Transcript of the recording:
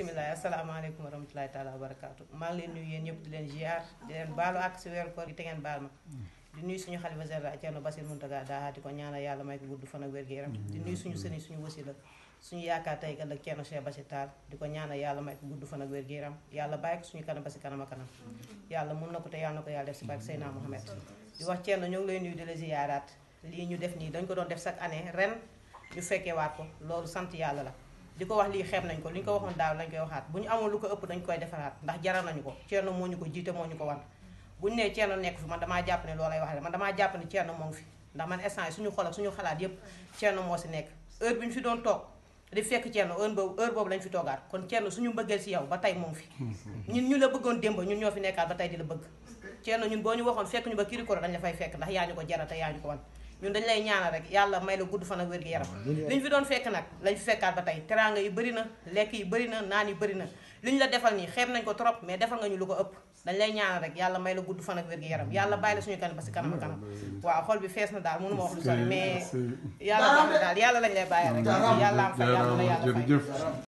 bisimilah asalaamaaleykum wa rahmatulahi taala wa barakaatu maa ngi leen nuyu yéen ñëpp di leen ziar di leen baalu ak si weeru koor gi te ngeen baal ma di nuyu suñu xalifa général Thierno Bassirou Mountaga Daha di ko ñaanal yàlla may ko gudd fan ak wér gi yaram di nuyu suñu sëriñ suñu wasila suñu yaakaar tey ëllëg Thierno Cheikh Bassi Tall di ko ñaanal yàlla may ko gudd fan ak wér gi yaram yàlla bàyyi ko suñu kanam ba kanam kanam yàlla mun na te yàlla na ko def si barke Seydina Mohamed di wax Thierno ñoo ngi lay nuyu di la ziyaaraat lii ñu def nii dañ ko doon def chaque année ren ñu fekkeewaat ko loolu sant yàlla la di ko wax lii xeeb nañ ko li ñu ko waxoon daaw lañ koy waxaat bu ñu amoon lu ko ëpp dañ koy defaraat ndax jaral nañu ko Thierno moo ñu ko jiite moo ñu ko wan bu ñu nee Thierno nekk jàpp ne loolay la man damaa jàpp ne Thierno moo ngi fi ndax man instant yi suñu xol ak suñu xalaat yépp Thierno ñu fi doon toog fekk Thierno heure boobu boobu lañ fi toogaat kon Thierno suñu mbëggeel si yow ba tey moo ngi ñu la bëggoon démb ñun ñoo fi nekkaat ba tey di la bëgg Thierno ñun boo ñu waxoon fekk ñu ba kirikoro dañ la fay fekk ndax yaa ñu ko jaral te yaa ñu ko wan ñun dañ lay ñaanal rek yàlla may la gudd fan ak wér gi yaram liñ fi doon fekk nag lañ fi fekkaat ba tey teraanga yi bëri na lekk yi bëri na naan yi bëri na ñu la defal nii xeeb nañ ko trop mais defal nga ñu lu ko ëpp dañ lay ñaanal rek yàlla may la gudd fan ak wér gi yaram yàlla bàyyi la suñu kanam ba si kanam kanam waaw xol bi fees na daal mënu ma wax lu sori mais yàlla yàlla lañ lay bàyyi rek yàlla am fa yàlla la yàlla